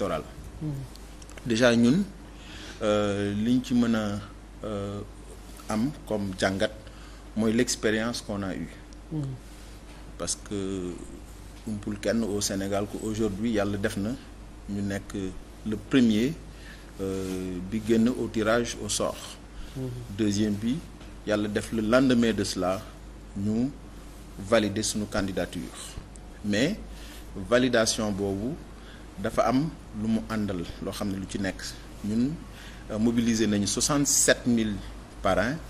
électorale mm. déjà ñun euh, liñ ci mën a euh, am comme jàngat mooy l'expérience qu'on a eue mmh. parce que umpul kenn au Sénégal que aujourd'hui yàlla def na ñu nekk le premier euh, bi génn au tirage au sort mmh. deuxième bi yàlla def le lendemain de cela ñu valider suñu candidature mais validation boobu dafa am lu mu àndal loo xam ne lu ci nekk ñun euh, mobiliser nañu 67000 parrains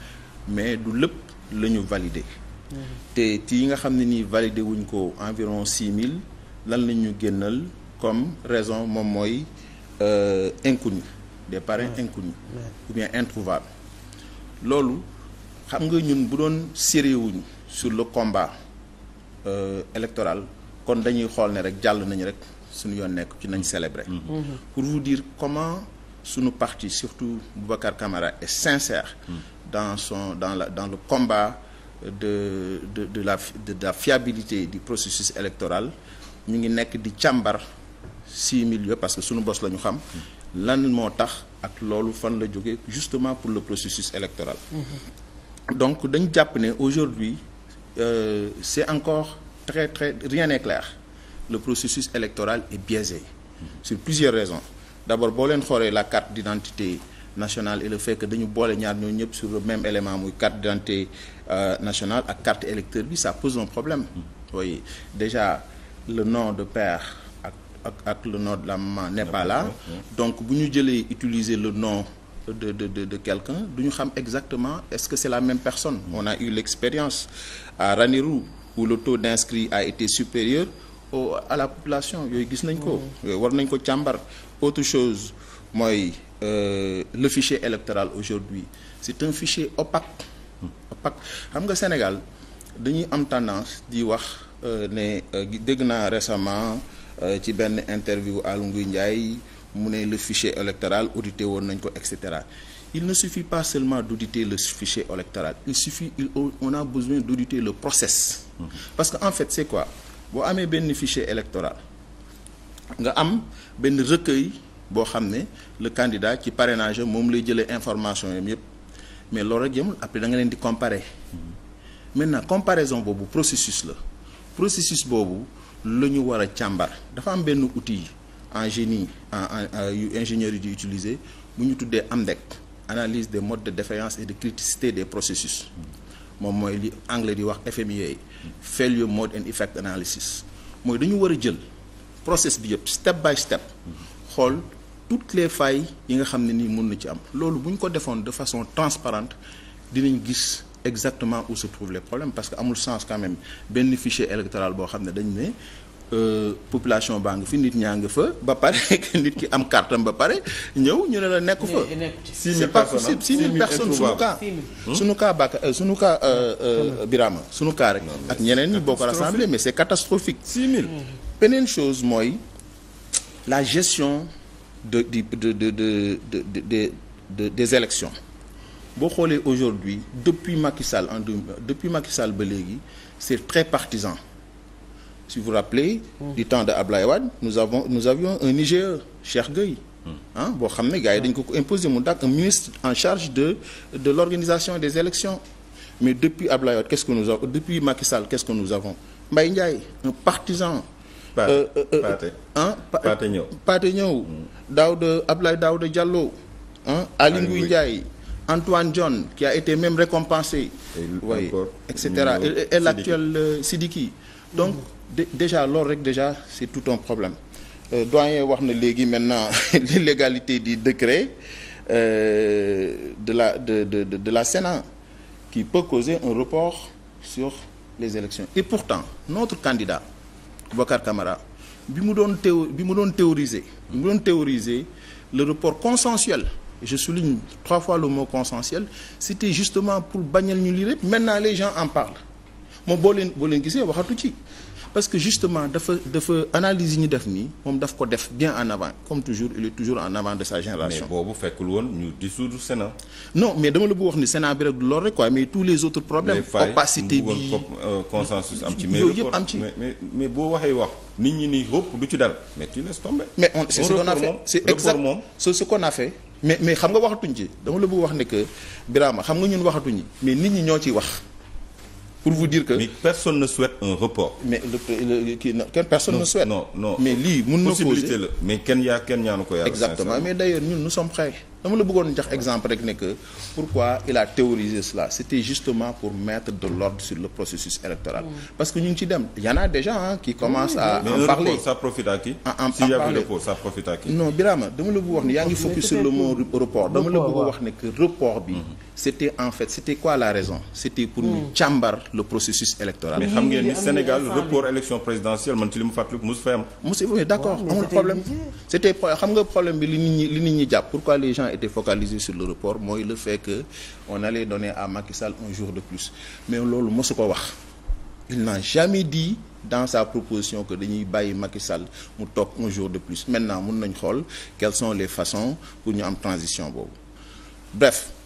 mais du lépp la ñu validé. Mm-hmm. te ti yi nga xam ne nii validé wuñ ko environ 6000 lan la ñu génnal comme raison moom mooy euh, inconnu des parrains inconnus ou bien introuvables loolu xam nga ñun bu doon sérieux wuñ sur le combat euh, électoral. kon dañuy xool ne rek jàll nañu rek suñu yoon nekku ci nañ célébrer. Mm-hmm. Mm-hmm. pour vous dire comment suñu parti surtout Boubacar Camara est sincère. Mm-hmm. dans son dans la dans le combat de de de la de la fiabilité du processus électoral ñu ngi nekk di càmbar six mille parce que suñu bos la ñu xam. lan moo tax ak loolu fan la jóge justement pour le processus électoral. donc dañ jàpp ne aujourd'hui euh, c'est encore. très très rien n'est clair le processus électoral est biaisé sur plusieurs raisons d'abord boo leen xoolee la carte d'identité nationale et le fait que dañu boole ñaar ñoo ñëpp sur le même élément muy carte d'identité euh, nationale a carte électeur bi ça pose un problème oui déjà le nom de père ak ak ak le nom de la maman donc bu ñu jëlee utiliser le nom de de de de quelqu'un du ñu xam exactement est-ce que c'est la même personne on a eu l'expérience à Ranérou où le taux d'inscrit a été supérieur au à la population yooyu gis nañ ko. Mm. war nañ ko càmbar autre chose mooy euh, le fichier électoral aujourd'hui c'est un fichier opaque mm. opaque xam nga Sénégal dañuy am tendance di wax euh, ne euh, dégg naa récemment euh, ci benn interview Aly Ngouille Ndiaye mu ne le fichier électoral audité woon nañ ko et cetera il ne suffit pas seulement d'auditer le fichier électoral il suffit il on a besoin d'auditer le process mhm. parce que en fait c'est quoi boo amee benn fichier électoral nga am benn recueil boo xam ne le candidat ci parrainage moom lay jëlee information yam yëpp mais loolu rek yemul après da nga leen di comparer mhm. maintenant comparaison boobu processus la processus boobu la ñu war a càmbar dafa am benn outil en génie en yu ingénieurs yi di utiliser bu ñu tuddee am AMDEC analyse de modes de défaillance et de criticité des processus moom mooy li anglais di wax FMEA yi failure mode and effect analysis mooy dañu war a jël process bi yëpp step by step xool tout les failles yi nga xam ne nii mun na ci am loolu bu ñu ko defoon de façon transparente dinañ gis exactement où se trouvent les problèmes parce que amul sens quand même benn fichier électoral boo xam ne dañu ne Euh, population baa ngi fi nit ñaa ngi fa ba pare nit ki am kartam ba pare ñëw ñu ne la nekk fa. six mille personnes six mille personnes sunu cas. sunu cas Baka euh, sunu cas euh, Birama sunu cas rek. ak ñeneen ñi boo ko rassemblé mais c'est catastrophique. six mille mm-hmm. beneen chose mooy la gestion de de de de de de de des élections boo xoolee aujourd'hui depuis Macky Sall en depuis Macky Sall ba léegi c'est très partisan. si vous vous rappelez du temps de Ablaye Wade nous avons nous avions un IGE Cheikh Gueye ah boo xam ne gars yi dañ ko ko imposer mu dàkk un en charge de de l'organisation des élections mais depuis Ablaye Wade qu'est-ce que nous avons depuis Macky Ndiaye un partisan ah euh, euh, euh, Pathé Niaw mm. Daouda Ablaye Daouda Diallo ah Aly Ngouille Ndiaye Antoine John qui a été même récompensé oui et cetera et, l'actuel Sidiki donc déjà loolu rek déjà c'est tout un problème euh, doyen wax na léegi maintenant l'illégalité du décret euh, de la de de de, de la Sénat qui peut causer un report sur les élections et pourtant notre candidat Boubacar Camara bi mu doon théo bi mu doon théoriser bi mu doon théoriser le report consensuel je souligne trois fois le mot consensuel c'était justement pour bañal ñu lii maintenant les gens en parlent moom boo leen boo leen gisee waxatu ci parce que justement dafa dafa analyse yi def nii moom daf ko def bien en avant comme toujours il est toujours en avant de sa génération. mais boobu fekkul woon ñu dissoudre Sénat. non mais dama la bëgg wax mais boo waxee wax nit ñi nii hëpp du ci dal. mais tu mais on c'est ce qu'on a fait c'est mais mais xam nga waxatuñ ci dama la bëgg wax ne que Birama xam nga ñun waxatuñu mais nit ñi ñoo ciy wax. pour vous dire que. mais personne ne souhaite un report. mais le le kii personne non, ne souhaite. non non mais lii mun na. possibilité la mais kenn yaa kenn ñaanu ko yàlla. exactement mais d' ailleurs ñun nous sommes prêts. dama la bëggoon jox exemple rek ne pourquoi il a théorisé cela c'était justement pour mettre de l'ordre sur le processus électoral mm. parce que ñu ngi ci dem y en déjà qui commence mm, à en parler ça profite à dama la bëgg wax ne yaa ngi mm. focus sur le mot report dama la bëgg wax ne que report bi mm-hmm. c'était en fait c'était quoi la raison c'était pour ñu càmbar le processus électoral mais xam ngeen ni Sénégal report élection présidentielle man xam nga été focalisé sur le report mooy le fait que on allait donner à Macky un jour de plus mais loolu mosu ko wax il n'a jamais dit dans sa proposition que dañuy bàyyi Macky Sall mu toog un jour de plus maintenant mun nañ xool quelles sont les façons pour ñu am transition boobu bref